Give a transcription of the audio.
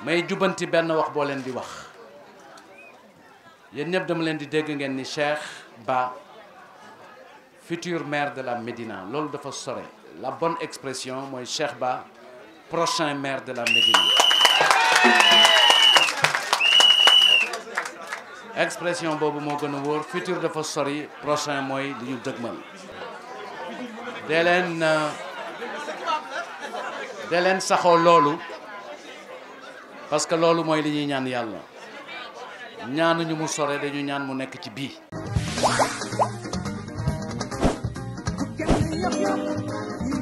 may jubanti benn wax boo leen di wax yéen ñëpp dama leen di dégg ngeen ni Cheikh Ba futur maire de la Médina loolu dafa sore la bon expression mooy Cheikh Ba prochain maire de la Médina expression boobu moo gën a wóor futur dafa sori prochain mooy li ñu dëgmal dee leen euh, dee saxoo loolu parce que loolu mooy li ñuy ñaan yàlla ñaanuñu mu sore dañu ñaan mu nekk ci bii yëpp yëpp